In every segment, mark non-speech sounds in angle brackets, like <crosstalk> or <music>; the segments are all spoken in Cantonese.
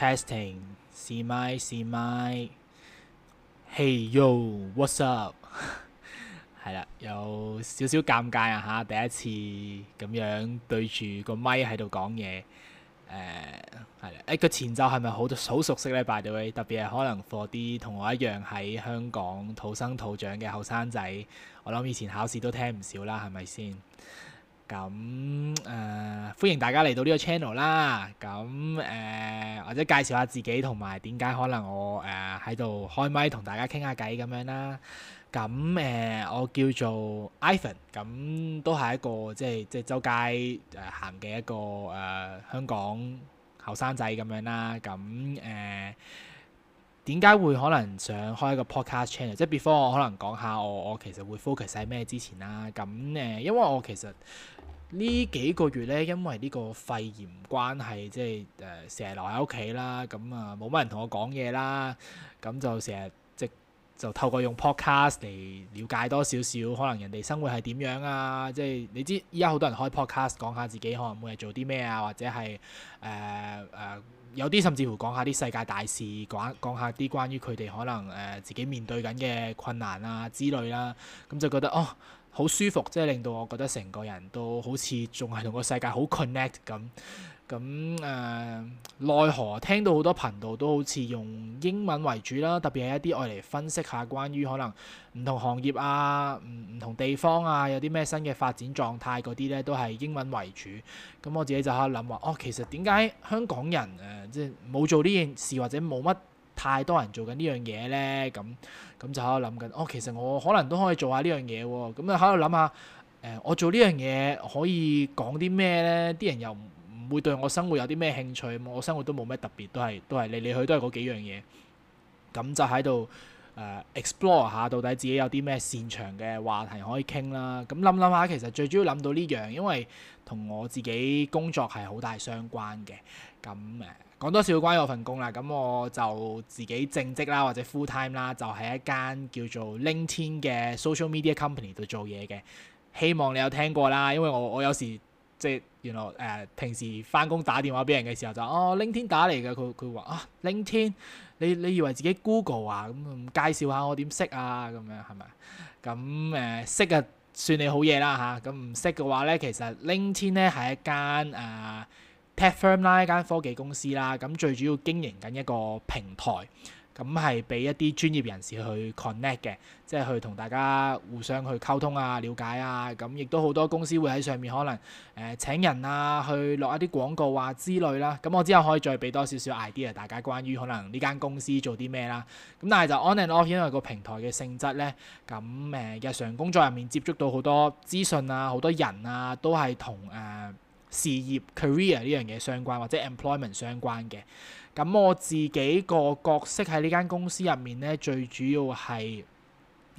Testing，試咪試咪，Hey yo，what's up？係 <laughs> 啦，有少少尷尬啊嚇，第一次咁樣對住個咪喺度講嘢，誒係啦，誒個、欸、前奏係咪好好熟悉咧？By the way，特別係可能 for 啲同我一樣喺香港土生土長嘅後生仔，我諗以前考試都聽唔少啦，係咪先？咁誒、呃、歡迎大家嚟到呢個 channel 啦，咁誒、呃、或者介紹下自己同埋點解可能我誒喺度開麥同大家傾下偈咁樣啦。咁誒、呃、我叫做 Ivan，咁都係一個即係即係周街誒行嘅一個誒、呃、香港後生仔咁樣啦。咁誒。呃點解會可能想開一個 podcast channel？即係 before 我可能講下我我其實會 focus 喺咩之前啦。咁、嗯、誒，因為我其實呢幾個月咧，因為呢個肺炎關係，即係誒成日留喺屋企啦，咁啊冇乜人同我講嘢啦，咁就成日即就透過用 podcast 嚟了解多少少，可能人哋生活係點樣啊？即係你知依家好多人開 podcast 講下自己可能會做啲咩啊，或者係誒誒。呃呃有啲甚至乎講下啲世界大事，講講下啲關於佢哋可能誒、呃、自己面對緊嘅困難啊之類啦，啊，咁就覺得哦好舒服，即、就、係、是、令到我覺得成個人都好似仲係同個世界好 connect 咁。咁誒、呃，奈何聽到好多頻道都好似用英文為主啦，特別係一啲用嚟分析下關於可能唔同行業啊、唔唔同地方啊有啲咩新嘅發展狀態嗰啲咧，都係英文為主。咁我自己就喺度諗話，哦，其實點解香港人誒、呃、即係冇做呢件事或者冇乜太多人做緊呢樣嘢咧？咁咁就喺度諗緊，哦，其實我可能都可以做下呢樣嘢喎。咁啊喺度諗下，誒、呃，我做呢樣嘢可以講啲咩咧？啲人又唔～會對我生活有啲咩興趣？我生活都冇咩特別，都係都係嚟嚟去都係嗰幾樣嘢。咁就喺度、呃、explore 下，到底自己有啲咩擅長嘅話題可以傾啦。咁諗諗下，其實最主要諗到呢樣，因為同我自己工作係好大相關嘅。咁誒講多少關於我份工啦。咁我就自己正職啦，或者 full time 啦，就喺一間叫做 LinkedIn 嘅 social media company 度做嘢嘅。希望你有聽過啦，因為我我有時。即係原來誒平時翻工打電話俾人嘅時候就哦 LinkedIn 打嚟嘅佢佢話啊 LinkedIn 你你以為自己 Google 啊咁、嗯、介紹下我點識啊咁樣係咪？咁誒、呃、識啊算你好嘢啦吓，咁、啊、唔識嘅話咧，其實 LinkedIn 咧係一間誒、呃、tech firm 啦，一間科技公司啦，咁、嗯、最主要經營緊一個平台。咁係俾一啲專業人士去 connect 嘅，即係去同大家互相去溝通啊、了解啊。咁亦都好多公司會喺上面可能誒、呃、請人啊，去落一啲廣告啊之類啦、啊。咁、嗯、我之後可以再俾多少少 idea 大家關於可能呢間公司做啲咩啦。咁但係就 on and off，因為個平台嘅性質咧，咁、嗯、誒、呃、日常工作入面接觸到好多資訊啊、好多人啊，都係同誒，呃事業 career 呢樣嘢相關，或者 employment 相關嘅，咁我自己個角色喺呢間公司入面呢，最主要係。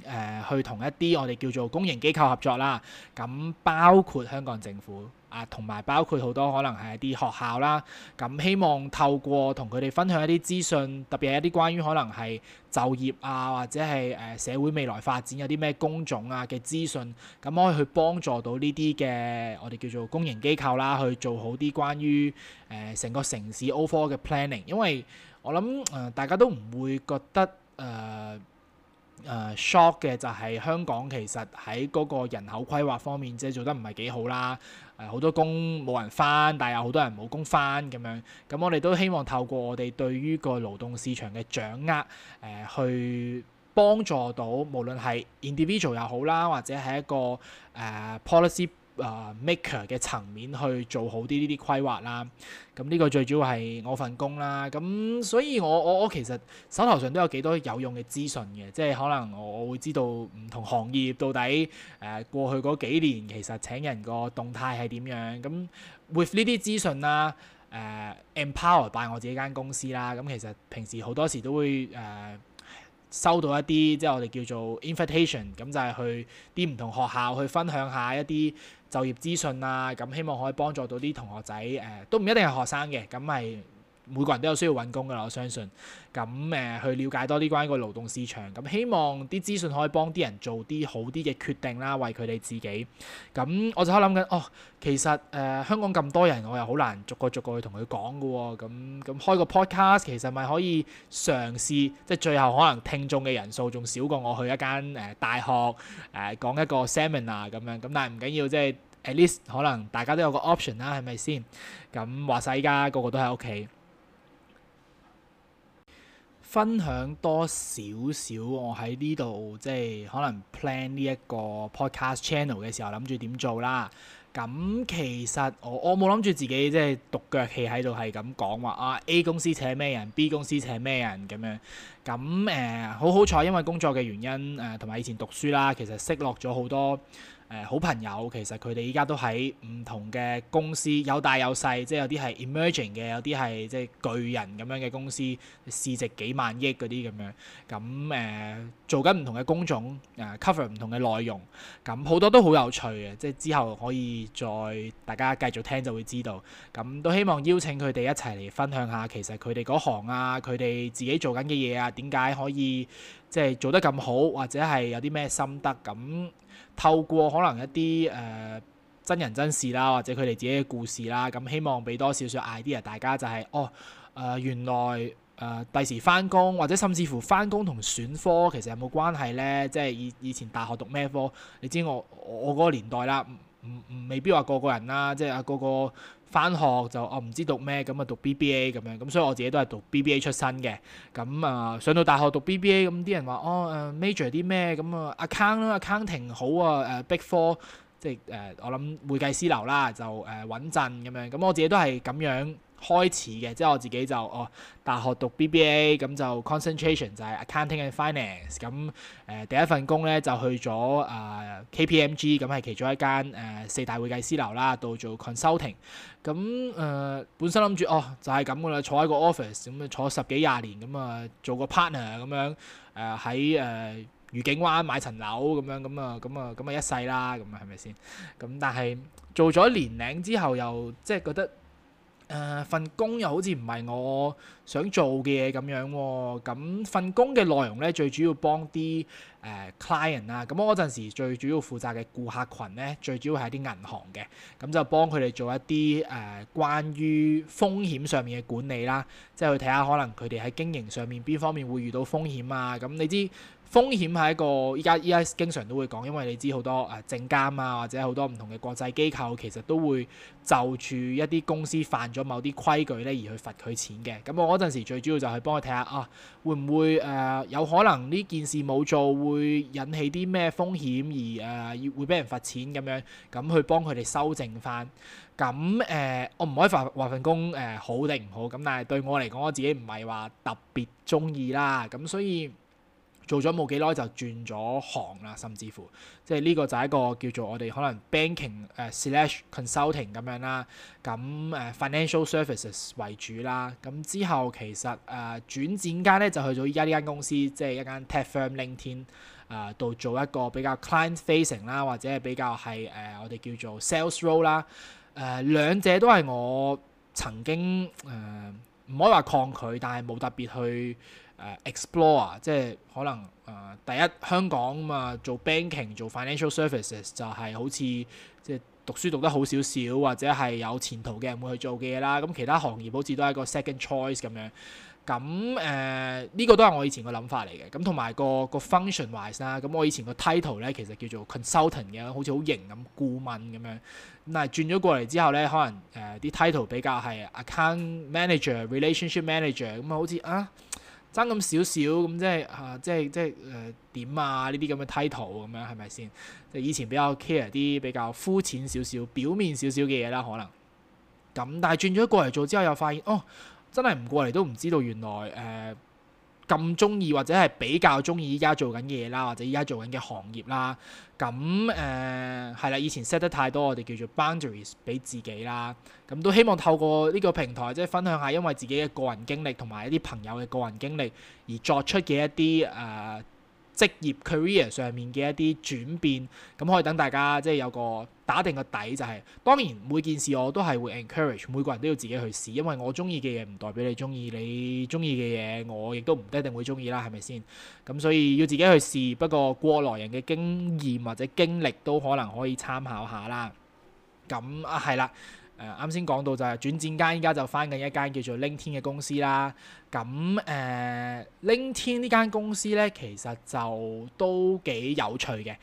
誒、呃、去同一啲我哋叫做公營機構合作啦，咁、嗯、包括香港政府啊，同埋包括好多可能係一啲學校啦，咁、嗯、希望透過同佢哋分享一啲資訊，特別係一啲關於可能係就業啊，或者係誒、呃、社會未來發展有啲咩工種啊嘅資訊，咁、嗯、可以去幫助到呢啲嘅我哋叫做公營機構啦，去做好啲關於誒成、呃、個城市 overall 嘅 planning，因為我諗誒、呃、大家都唔會覺得誒、呃誒 shock 嘅就係香港其實喺嗰個人口規劃方面，即係做得唔係幾好啦，誒、呃、好多工冇人返，但係有好多人冇工返咁樣。咁我哋都希望透過我哋對於個勞動市場嘅掌握，誒、呃、去幫助到無論係 individual 又好啦，或者係一個誒、呃、policy。啊、uh, maker 嘅層面去做好啲呢啲規劃啦，咁、嗯、呢、呢個最主要係我份工啦，咁、嗯、所以我我我其實手頭上都有幾多有用嘅資訊嘅，即係可能我會知道唔同行業到底誒、呃、過去嗰幾年其實請人個動態係點樣，咁 with 呢啲資訊啦，誒、呃、empower by 我自己間公司啦，咁、嗯、其實平時好多時都會誒、呃、收到一啲即係我哋叫做 invitation，咁、嗯、就係、是、去啲唔同學校去分享下一啲。就業資訊啊，咁希望可以幫助到啲同學仔，誒、呃、都唔一定係學生嘅，咁係。每個人都有需要揾工㗎啦，我相信咁誒、呃、去了解多啲關於個勞動市場咁，希望啲資訊可以幫啲人做啲好啲嘅決定啦，為佢哋自己，咁我就喺度諗緊哦，其實誒、呃、香港咁多人，我又好難逐個逐個去同佢講㗎喎。咁咁、嗯、開個 podcast 其實咪可以嘗試，即係最後可能聽眾嘅人數仲少過我去一間誒、呃、大學誒、呃、講一個 seminar 咁樣咁，但係唔緊要，即係 at least 可能大家都有個 option 啦，係咪先？咁話晒依家個個都喺屋企。分享多少少我喺呢度即係可能 plan 呢一個 podcast channel 嘅時候諗住點做啦。咁其實我我冇諗住自己即係獨腳戲喺度係咁講話啊 A 公司請咩人，B 公司請咩人咁樣。咁誒好好彩，呃、因為工作嘅原因誒，同、呃、埋以，以前讀書啦，其實識落咗好多。誒、呃、好朋友，其實佢哋依家都喺唔同嘅公司，有大有細，即係有啲係 emerging 嘅，有啲係即係巨人咁樣嘅公司，市值幾萬億嗰啲咁樣。咁誒、呃、做緊唔同嘅工種，誒、呃、cover 唔同嘅內容。咁好多都好有趣嘅，即係之後可以再大家繼續聽就會知道。咁都希望邀請佢哋一齊嚟分享下，其實佢哋嗰行啊，佢哋自己做緊嘅嘢啊，點解可以，即係做得咁好，或者係有啲咩心得咁，透過可能一啲誒、呃、真人真事啦，或者佢哋自己嘅故事啦，咁希望俾多少少 idea，大家就係、是、哦、呃，原來第時翻工，或者甚至乎翻工同選科其實有冇關係呢？即係以以前大學讀咩科，你知我我嗰個年代啦。唔唔、嗯，未必話個個人啦，即係啊個個返學就我唔知讀咩咁啊讀 BBA 咁樣，咁所以我自己都係讀 BBA 出身嘅，咁啊、呃、上到大學讀 BBA，咁啲人話哦誒、呃、major 啲咩咁啊 account 啦 accounting 好啊、呃、big four 即。即係誒我諗會計師樓啦就誒穩陣咁樣，咁我自己都係咁樣。開始嘅，即係我自己就哦，大學讀 BBA 咁就 concentration 就係 accounting and finance，咁誒、呃、第一份工咧就去咗啊、呃、KPMG，咁係其中一間誒、呃、四大會計師樓啦，到做 consulting，咁誒、呃、本身諗住哦就係咁嘅啦，坐喺個 office 咁啊坐十幾廿年，咁啊做個 partner 咁樣，誒喺誒愉景灣買層樓咁樣，咁啊咁啊咁啊一世啦，咁啊係咪先？咁但係做咗年零之後又即係覺得。誒，呃，份工又好似唔係我想做嘅嘢咁樣喎，哦，咁份工嘅內容咧，最主要幫啲誒 client 啦，咁、呃、我嗰陣時最主要負責嘅顧客群咧，最主要係啲銀行嘅，咁就幫佢哋做一啲誒、呃、關於風險上面嘅管理啦，即係去睇下可能佢哋喺經營上面邊方面會遇到風險啊。咁你知風險係一個依家依家經常都會講，因為你知好多誒、呃、證監啊或者好多唔同嘅國際機構其實都會就住一啲公司犯咗某啲規矩咧而去罰佢錢嘅。咁我嗰陣時最主要就係幫佢睇下啊，會唔會誒、呃、有可能呢件事冇做，會引起啲咩風險而誒、呃、會俾人罰錢咁樣，咁去幫佢哋修正翻。咁誒、呃，我唔可以話份工誒、呃、好定唔好咁，但係對我嚟講，我自己唔係話特別中意啦。咁所以。做咗冇幾耐就轉咗行啦，甚至乎即係呢個就係一個叫做我哋可能 banking 誒 slash consulting 咁樣啦，咁誒、啊、financial services 為主啦。咁之後其實誒轉轉間咧就去咗依家呢間公司，即係一間 tech firm LinkedIn 誒、呃，度做一個比較 client facing 啦，或者係比較係誒、呃、我哋叫做 sales role 啦、呃。誒兩者都係我曾經誒唔、呃、可以話抗拒，但係冇特別去。誒、uh, explore 即係可能誒、呃、第一香港嘛做 banking 做 financial services 就係好似即係讀書讀得好少少或者係有前途嘅人會去做嘅嘢啦，咁、嗯、其他行業好似都係個 second choice 咁樣。咁誒呢個都係我以前個諗法嚟嘅。咁同埋個個 function wise 啦，咁我以前個 title 咧其實叫做 consultant 嘅，好似好型咁顧問咁樣。但係轉咗過嚟之後咧，可能誒啲、呃、title 比較係 account manager、relationship manager 咁啊，好似啊～爭咁少少咁即係嚇、啊，即係即係誒點啊呢啲咁嘅 title，咁樣係咪先？即係、呃啊、以前比較 care 啲比較膚淺少少、表面少少嘅嘢啦，可能。咁但係轉咗過嚟做之後，又發現哦，真係唔過嚟都唔知道原來誒。呃咁鍾意或者係比較鍾意依家做緊嘢啦，或者依家做緊嘅行業啦，咁誒係啦，以前 set 得太多我哋叫做 boundaries 俾自己啦，咁都希望透過呢個平台即係分享下，因為自己嘅個人經歷同埋一啲朋友嘅個人經歷而作出嘅一啲啊。呃職業 career 上面嘅一啲轉變，咁可以等大家即係、就係、有個打定個底、就係，就係當然每件事我都係會 encourage 每個人都要自己去試，因為我中意嘅嘢唔代表你中意，你中意嘅嘢我亦都唔一定會中意啦，係咪先？咁所以要自己去試，不過過來人嘅經驗或者經歷都可能可以參考下啦。咁啊，係啦。啱先講到就係轉戰間，依家就翻緊一間叫做 LinkedIn 嘅公司啦。咁誒、呃、LinkedIn 呢間公司咧，其實就都幾有趣嘅。誒、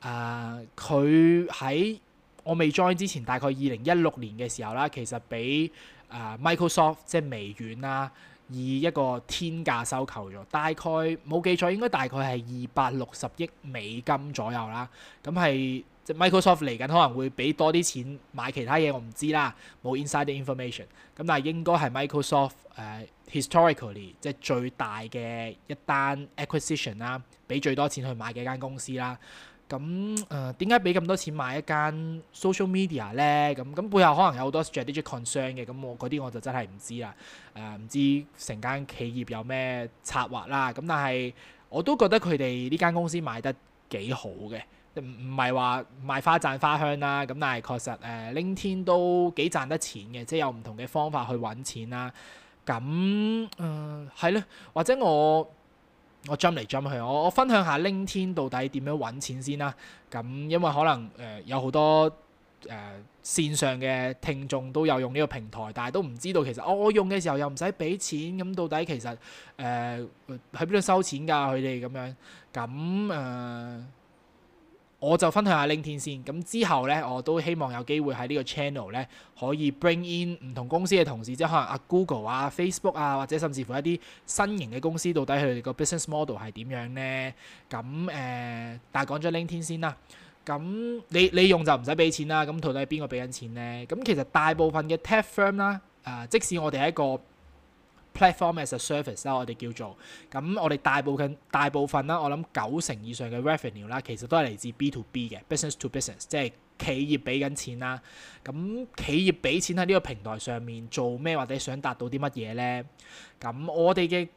呃，佢喺我未 join 之前，大概二零一六年嘅時候啦，其實俾、呃、Microsoft 即係微軟啦，以一個天價收購咗，大概冇記錯應該大概係二百六十億美金左右啦。咁係。Microsoft 嚟緊可能會俾多啲錢買其他嘢，我唔知啦，冇 inside 的 information。咁但係應該係 Microsoft、uh, historically 即係最大嘅一單 acquisition 啦，俾最多錢去買嘅間公司啦。咁誒點解俾咁多錢買一間 social media 咧？咁咁背後可能有好多 strategic concern 嘅。咁我嗰啲我就真係唔知啦。誒、呃、唔知成間企業有咩策劃啦。咁但係我都覺得佢哋呢間公司買得。幾好嘅，唔唔係話賣花讚花香啦，咁但係確實誒 LinkedIn 都幾賺得錢嘅，即係有唔同嘅方法去揾錢啦、啊。咁誒係咯，或者我我 jump 嚟 jump 去，我我分享下 LinkedIn 到底點樣揾錢先啦、啊。咁因為可能誒、呃、有好多誒、呃、線上嘅聽眾都有用呢個平台，但係都唔知道其實我、哦、我用嘅時候又唔使俾錢，咁到底其實誒喺邊度收錢㗎、啊？佢哋咁樣。咁誒、呃，我就分享下 LinkedIn 先。咁之後咧，我都希望有機會喺呢個 channel 咧，可以 bring in 唔同公司嘅同事，即係可能阿 Google 啊、Facebook 啊，或者甚至乎一啲新型嘅公司，到底佢哋個 business model 係點樣咧？咁誒、呃，但係講咗 LinkedIn 先啦。咁你你用就唔使俾錢啦。咁到底係邊個俾緊錢咧？咁其實大部分嘅 tech firm 啦，誒，即使我哋係一個。Platform as a service 啦，我哋叫做咁，我哋大部分大部分啦，我諗九成以上嘅 revenue 啦，其實都係嚟自 B to B 嘅 business to business，即係企業俾緊錢啦。咁企業俾錢喺呢個平台上面做咩或者想達到啲乜嘢呢？咁我哋嘅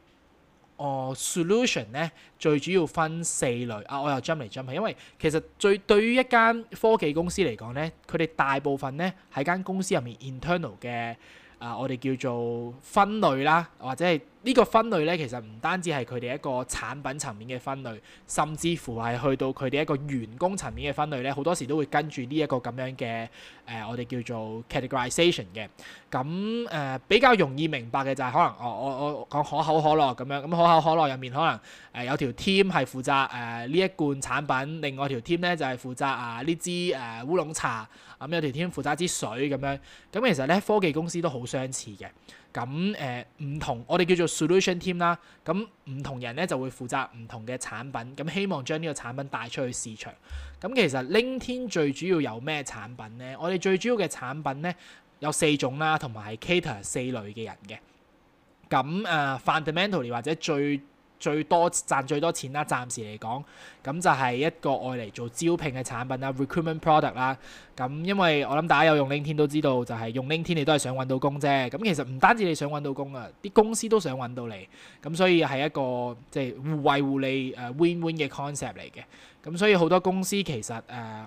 哦 solution 呢，最主要分四類啊。我又 jump 嚟 jump 去，因為其實最對於一間科技公司嚟講呢，佢哋大部分呢，喺間公司入面 internal 嘅。啊！我哋叫做分類啦，或者係。呢個分類咧，其實唔單止係佢哋一個產品層面嘅分類，甚至乎係去到佢哋一個員工層面嘅分類咧，好多時都會跟住呢一個咁樣嘅誒、呃，我哋叫做 categorization 嘅。咁、嗯、誒、呃、比較容易明白嘅就係可能、哦、我我我講可口可樂咁樣，咁、嗯、可口可樂入面可能誒、呃、有條 team 係負責誒呢、呃、一罐產品，另外條 team 咧就係、是、負責啊呢支誒烏龍茶，咁、嗯、有條 team 負責支水咁樣。咁、嗯、其實咧科技公司都好相似嘅。咁誒唔同，我哋叫做 solution team 啦。咁唔同人咧就會負責唔同嘅產品，咁希望將呢個產品帶出去市場。咁其實 LinkedIn 最主要有咩產品咧？我哋最主要嘅產品咧有四種啦，同埋係 cater 四類嘅人嘅。咁誒、呃、fundamentally 或者最最多賺最多錢啦，暫時嚟講，咁就係一個外嚟做招聘嘅產品啦，recruitment product 啦。咁因為我諗大家有用 l i n 天都知道，就係、是、用 l i n 天你都係想揾到工啫。咁其實唔單止你想揾到工啊，啲公司都想揾到你。咁所以係一個即係、就是、互惠互利誒、呃、win win 嘅 concept 嚟嘅。咁所以好多公司其實誒、呃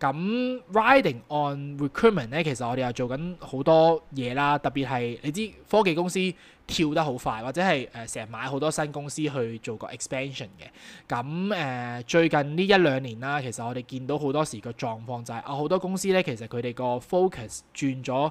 咁 riding on recruitment 咧，其實我哋又做緊好多嘢啦，特別係你知科技公司跳得好快，或者係誒成日買好多新公司去做個 expansion 嘅。咁誒、呃、最近呢一兩年啦，其實我哋見到好多時個狀況就係、是、啊，好多公司咧，其實佢哋個 focus 轉咗。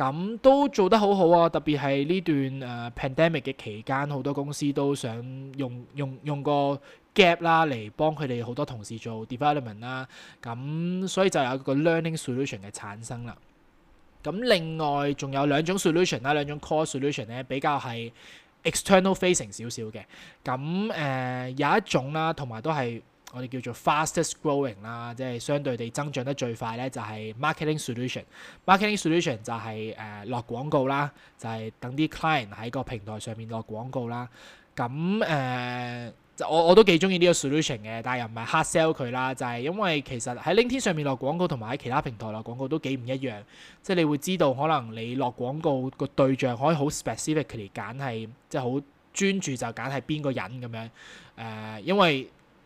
咁都做得好好啊！特別係呢段誒、呃、pandemic 嘅期間，好多公司都想用用用個 gap 啦，嚟幫佢哋好多同事做 development 啦。咁、啊、所以就有個 learning solution 嘅產生啦。咁、啊、另外仲有兩種 solution 啦，兩種 core solution 咧比較係 external facing 少少嘅。咁、啊、誒、呃、有一種啦，同埋都係。我哋叫做 fastest growing 啦，即係相對地增長得最快咧，就係 marketing solution。marketing solution 就係誒落廣告啦，就係等啲 client 喺個平台上面落廣告啦。咁誒、呃，我我都幾中意呢個 solution 嘅，但係又唔係 hard sell 佢啦。就係因為其實喺 LinkedIn 上面落廣告同埋喺其他平台落廣告都幾唔一樣，即係你會知道可能你落廣告個對象可以好 specifically 揀，係即係好專注就揀係邊個人咁樣。誒、呃，因為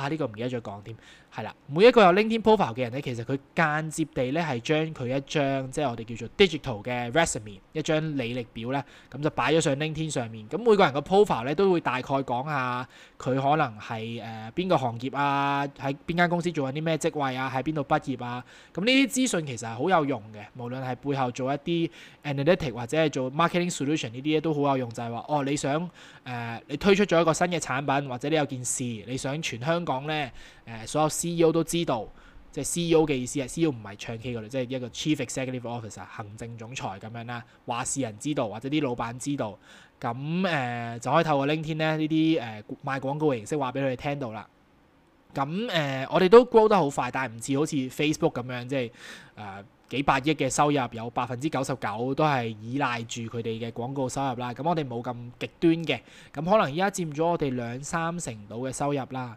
啊！呢、這個唔記得再講添，係、嗯、啦。每一個有 LinkedIn profile 嘅人咧，其實佢間接地咧係將佢一張即係我哋叫做 digital 嘅 resume，一張履歷表咧，咁就擺咗上 LinkedIn 上面。咁、嗯、每個人個 profile 咧都會大概講下佢可能係誒邊個行業啊，喺邊間公司做緊啲咩職位啊，喺邊度畢業啊。咁呢啲資訊其實係好有用嘅，無論係背後做一啲 analytic 或者係做 marketing solution 呢啲咧都好有用，就係、是、話哦，你想誒、呃、你推出咗一個新嘅產品，或者你有件事你想全香港。講咧，誒、嗯，所有 C E O 都知道，即係 C E O 嘅意思係，C E O 唔係唱 K 嗰度，即係一個 Chief Executive Officer，行政總裁咁樣啦，話事人知道或者啲老闆知道，咁誒、呃、就可以透過 link 天咧呢啲誒賣廣告嘅形式話俾佢哋聽到啦。咁誒、呃，我哋都 grow 得好快，但係唔似好似 Facebook 咁樣，即係誒、呃、幾百億嘅收入有百分之九十九都係依賴住佢哋嘅廣告收入啦。咁我哋冇咁極端嘅，咁可能依家佔咗我哋兩三成度嘅收入啦。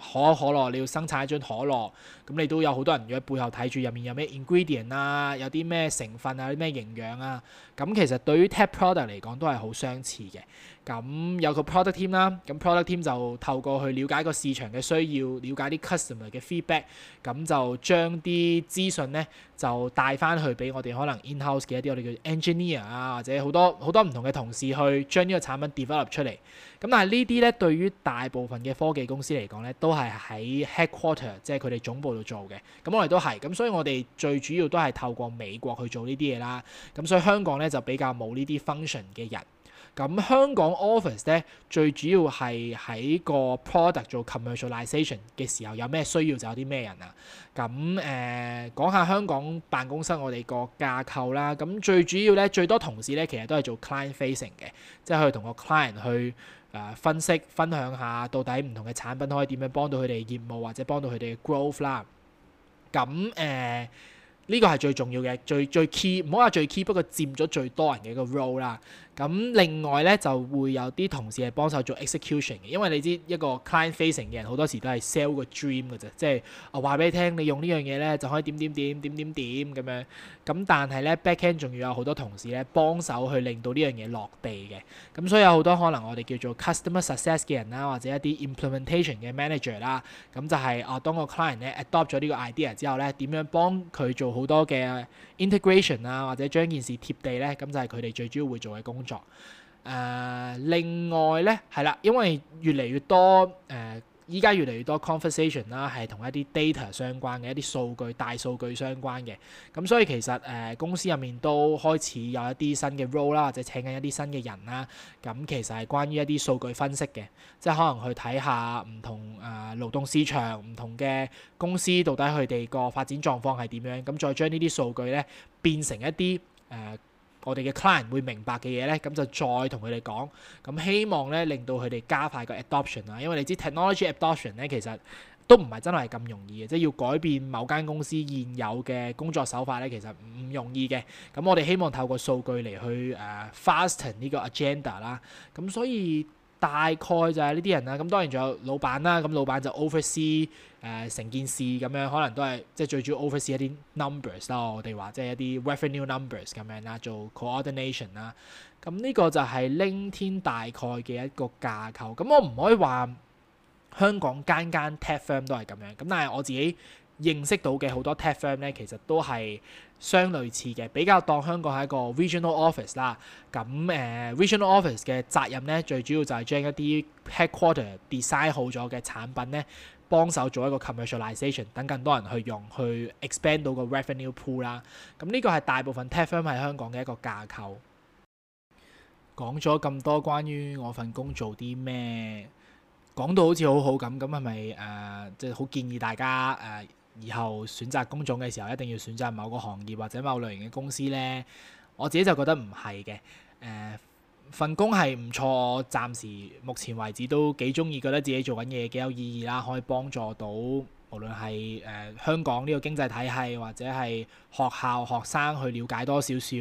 可口可樂你要生產一樽可樂，咁你都有好多人要喺背後睇住，入面有咩 ingredient 啊，有啲咩成分啊，有啲咩營養啊。咁其實對於 tech product 嚟講都係好相似嘅，咁有個 product team 啦，咁 product team 就透過去了解個市場嘅需要，了解啲 customer 嘅 feedback，咁就將啲資訊咧就帶翻去俾我哋可能 in-house 嘅一啲我哋叫 engineer 啊，或者好多好多唔同嘅同事去將呢個產品 develop 出嚟。咁但係呢啲咧對於大部分嘅科技公司嚟講咧，都係喺 headquarter，即係佢哋總部度做嘅。咁我哋都係，咁所以我哋最主要都係透過美國去做呢啲嘢啦。咁所以香港咧。就比較冇呢啲 function 嘅人，咁香港 office 咧最主要係喺個 product 做 commercialization 嘅時候有咩需要就有啲咩人啊，咁誒講下香港辦公室我哋個架構啦，咁最主要咧最多同事咧其實都係做 client facing 嘅，即係去同個 client 去誒、呃、分析分享下到底唔同嘅產品可以點樣幫到佢哋業務或者幫到佢哋 growth 啦，咁誒。呃呢個係最重要嘅，最最 key，唔好話最 key，不過佔咗最多人嘅一個 role 啦。咁另外咧就會有啲同事係幫手做 execution 嘅，因為你知一個 client facing 嘅人好多時都係 sell 個 dream 嘅啫，即係我話俾你聽，你用呢樣嘢咧就可以點點點點點點咁樣，咁但係咧 back end 仲要有好多同事咧幫手去令到呢樣嘢落地嘅。咁所以有好多可能我哋叫做 customer success 嘅人啦，或者一啲 implementation 嘅 manager 啦、就是，咁就係啊當個 client 咧 adopt 咗呢個 idea 之後咧，點樣幫佢做好多嘅 integration 啊，或者將件事貼地咧，咁就係佢哋最主要會做嘅工。工作誒，另外咧係啦，因為越嚟越多誒，依家越嚟越多 conversation 啦，係同一啲 data 相關嘅一啲數據、大數據相關嘅，咁所以其實誒公司入面都開始有一啲新嘅 role 啦，或者請緊一啲新嘅人啦，咁其實係關於一啲數據分析嘅，即係可能去睇下唔同誒勞動市場、唔同嘅公司到底佢哋個發展狀況係點樣，咁再將呢啲數據咧變成一啲誒，我哋嘅 client 會明白嘅嘢咧，咁就再同佢哋講，咁希望咧令到佢哋加快個 adoption 啊，因為你知 technology adoption 咧其實都唔係真係咁容易嘅，即係要改變某間公司現有嘅工作手法咧，其實唔容易嘅。咁我哋希望透過數據嚟去誒、uh, fasten 呢個 agenda 啦，咁所以。大概就係呢啲人啦，咁當然仲有老闆啦，咁老闆就 oversee 誒、呃、成件事咁樣，可能都係即係最主要 oversee 一啲 numbers 咯，我哋話即係一啲 revenue numbers 咁樣啦，做 coordination 啦，咁呢個就係 LinkedIn 大概嘅一個架構，咁我唔可以話香港間間 tech firm 都係咁樣，咁但係我自己。認識到嘅好多 tech firm 咧，其實都係相類似嘅，比較當香港係一個 regional office 啦。咁誒，uh,regional office 嘅責任咧，最主要就係將一啲 headquarter decide 好咗嘅產品咧，幫手做一個 commercialization，等更多人去用，去 expand 到個 revenue pool 啦。咁呢個係大部分 tech firm 喺香港嘅一個架構。講咗咁多關於我份工做啲咩，講到好似好好咁，咁係咪誒，即係好建議大家誒？呃然後選擇工種嘅時候，一定要選擇某個行業或者某類型嘅公司呢。我自己就覺得唔係嘅。誒，份工係唔錯，我暫時目前為止都幾中意，覺得自己做緊嘢幾有意義啦，可以幫助到無論係誒香港呢個經濟體系，或者係學校學生去了解多少少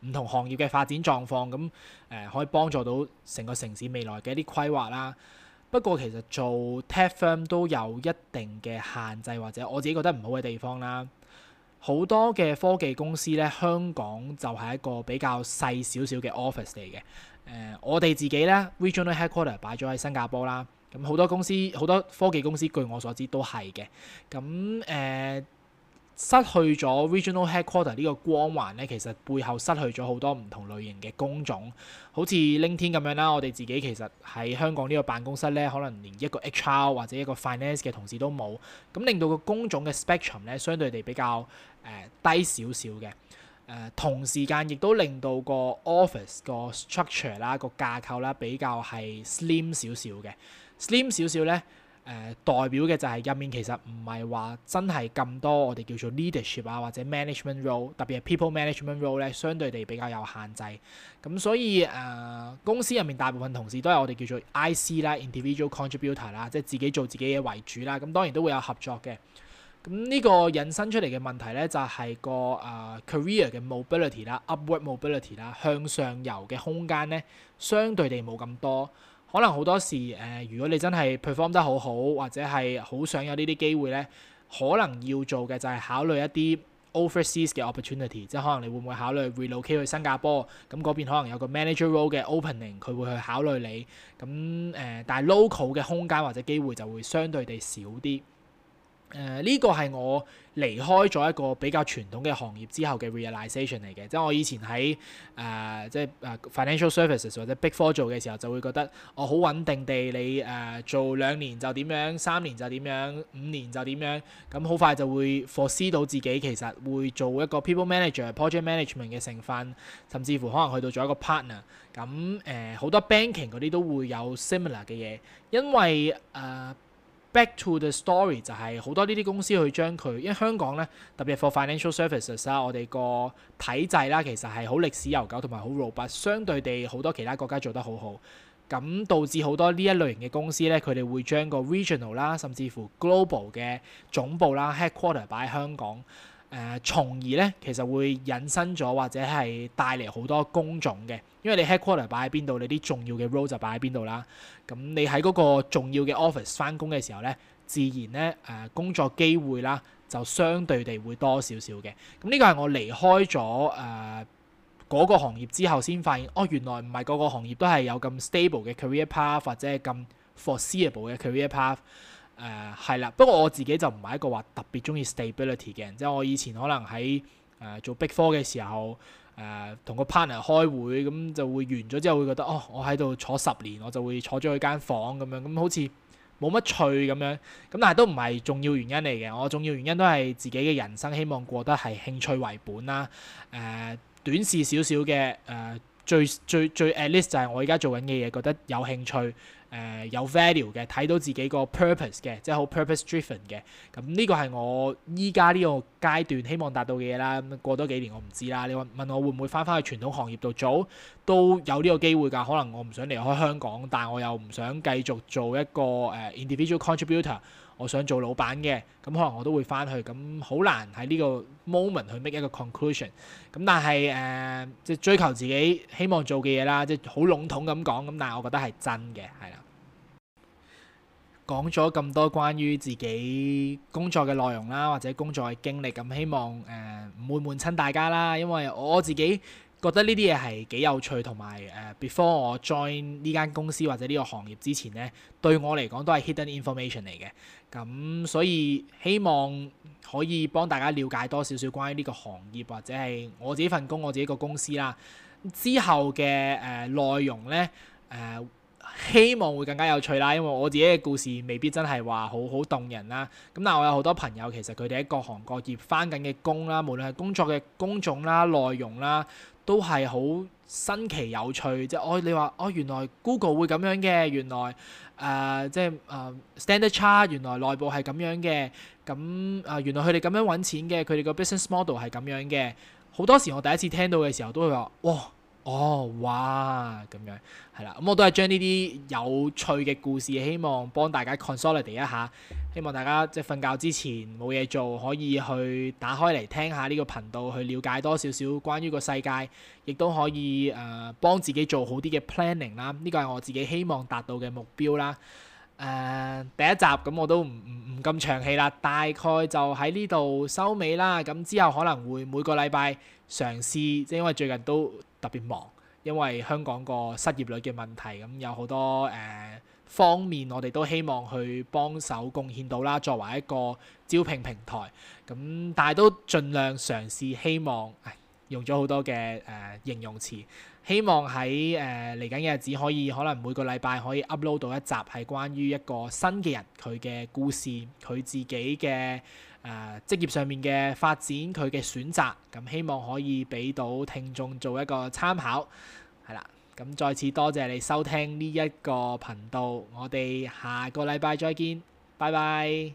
唔同行業嘅發展狀況，咁誒、呃、可以幫助到成個城市未來嘅一啲規劃啦。不過其實做 tech firm 都有一定嘅限制，或者我自己覺得唔好嘅地方啦。好多嘅科技公司咧，香港就係一個比較細少少嘅 office 嚟嘅。誒、呃，我哋自己咧，regional headquarter 擺咗喺新加坡啦。咁、嗯、好多公司，好多科技公司，據我所知都係嘅。咁、嗯、誒。呃失去咗 Regional Headquarter 呢個光環咧，其實背後失去咗好多唔同類型嘅工種，好似 LinkedIn 咁樣啦。我哋自己其實喺香港呢個辦公室咧，可能連一個 HR 或者一個 Finance 嘅同事都冇，咁令到個工種嘅 spectrum 咧，相對地比較誒、呃、低少少嘅。誒、呃、同時間亦都令到個 office 個 structure 啦、啊，個架構啦比較係 slim 少少嘅，slim 少少咧。呃、代表嘅就係入面其實唔係話真係咁多，我哋叫做 leadership 啊，或者 management role，特別係 people management role 咧，相對地比較有限制。咁所以誒、呃，公司入面大部分同事都係我哋叫做 IC 啦，individual contributor 啦，即係自己做自己嘅為主啦。咁當然都會有合作嘅。咁呢個引申出嚟嘅問題咧，就係、係、個誒、呃、career 嘅 mobility 啦，upward mobility 啦，向上游嘅空間咧，相對地冇咁多。可能好多時，誒、呃，如果你真係 perform 得好好，或者係好想有呢啲機會咧，可能要做嘅就係考慮一啲 overseas 嘅 opportunity，即係可能你會唔會考慮 relocate 去新加坡，咁嗰邊可能有個 manager role 嘅 opening，佢會去考慮你，咁誒、呃，但係 local 嘅空間或者機會就會相對地少啲。呢、呃這個係我離開咗一個比較傳統嘅行業之後嘅 realization 嚟嘅，即係我以前喺誒、呃、即係誒 financial services 或者 big four 做嘅時候，就會覺得我好穩定地你誒、呃、做兩年就點樣，三年就點樣，五年就點樣，咁好快就會 force 到自己其實會做一個 people manager、project management 嘅成分，甚至乎可能去到做一個 partner。咁誒好多 banking 嗰啲都會有 similar 嘅嘢，因為誒，呃 Back to the story 就係好多呢啲公司去將佢，因為香港咧特別係 for financial services 啦，我哋個體制啦，其實係好歷史悠久同埋好 robust，相對地好多其他國家做得好好，咁導致好多呢一類型嘅公司咧，佢哋會將個 regional 啦，甚至乎 global 嘅總部啦 headquarter 擺喺香港。誒，從、呃、而咧，其實會引申咗或者係帶嚟好多工種嘅，因為你 headquarter 擺喺邊度，你啲重要嘅 role 就擺喺邊度啦。咁、嗯、你喺嗰個重要嘅 office 翻工嘅時候咧，自然咧誒、呃、工作機會啦，就相對地會多少少嘅。咁、嗯、呢、這個係我離開咗誒嗰個行業之後先發現，哦，原來唔係個個行業都係有咁 stable 嘅 career path 或者係咁 foreseeable 嘅 career path。誒係啦，不過、呃、我自己就唔係一個話特別中意 stability 嘅人，即係我以前可能喺誒、呃、做 Big Four 嘅時候，誒、呃、同個 partner 開會，咁、嗯、就會完咗之後會覺得哦，我喺度坐十年，我就會坐咗佢間房咁樣，咁、嗯、好似冇乜趣咁樣。咁但係都唔係重要原因嚟嘅，我重要原因都係自己嘅人生希望過得係興趣為本啦。誒、呃、短視少少嘅誒，最最最、最 at least 就係我而家做緊嘅嘢，覺得有興趣。誒、呃、有 value 嘅，睇到自己個 purpose 嘅，即係好 purpose driven 嘅。咁呢個係我依家呢個階段希望達到嘅嘢啦。過多幾年我唔知啦。你問問我會唔會翻返去傳統行業度做，都有呢個機會㗎。可能我唔想離開香港，但我又唔想繼續做一個誒、呃、individual contributor。我想做老闆嘅，咁可能我都會翻去，咁好難喺呢個 moment 去 make 一個 conclusion。咁但係誒，即係追求自己希望做嘅嘢啦，即係好籠統咁講。咁但係我覺得係真嘅，係啦。講咗咁多關於自己工作嘅內容啦，或者工作嘅經歷，咁希望誒唔會悶親大家啦。因為我，我自己覺得呢啲嘢係幾有趣，同埋誒 before 我 join 呢間公司或者呢個行業之前呢，對我嚟講都係 hidden information 嚟嘅。咁所以希望可以幫大家了解多少少關於呢個行業，或者係我自己份工，我自己個公司啦，之後嘅誒內容呢、呃，希望會更加有趣啦，因為我自己嘅故事未必真係話好好動人啦。咁但係，我有好多朋友其實佢哋喺各行各業返緊嘅工啦，無論係工作嘅工種啦、內容啦。都係好新奇有趣，即係我你話哦，原來 Google 會咁樣嘅，原來誒即係誒 Standard，呃即係呃、Chart，原來內部係咁樣嘅，咁、嗯、誒、呃、原來佢哋咁樣揾錢嘅，佢哋個 business model 係咁樣嘅，好多時我第一次聽到嘅時候都會話哇！哦，哇，咁樣係啦，咁我都係將呢啲有趣嘅故事，希望幫大家 consolidate 一下，希望大家即係瞓覺之前冇嘢做，可以去打開嚟聽下呢個頻道，去了解多少少關於個世界，亦都可以誒、呃、幫自己做好啲嘅 planning 啦。呢個係我自己希望達到嘅目標啦。誒、呃，第一集咁我都唔唔唔咁長氣啦，大概就喺呢度收尾啦。咁之後可能會每個禮拜嘗試，即因為最近都～特別忙，因為香港個失業率嘅問題，咁有好多誒、呃、方面，我哋都希望去幫手貢獻到啦，作為一個招聘平台，咁但係都盡量嘗試、呃，希望用咗好多嘅誒形容詞，希望喺誒嚟緊嘅日子可以，可能每個禮拜可以 upload 到一集，係關於一個新嘅人佢嘅故事，佢自己嘅。誒、呃、職業上面嘅發展，佢嘅選擇，咁、嗯、希望可以俾到聽眾做一個參考，係啦。咁、嗯、再次多謝你收聽呢一個頻道，我哋下個禮拜再見，拜拜。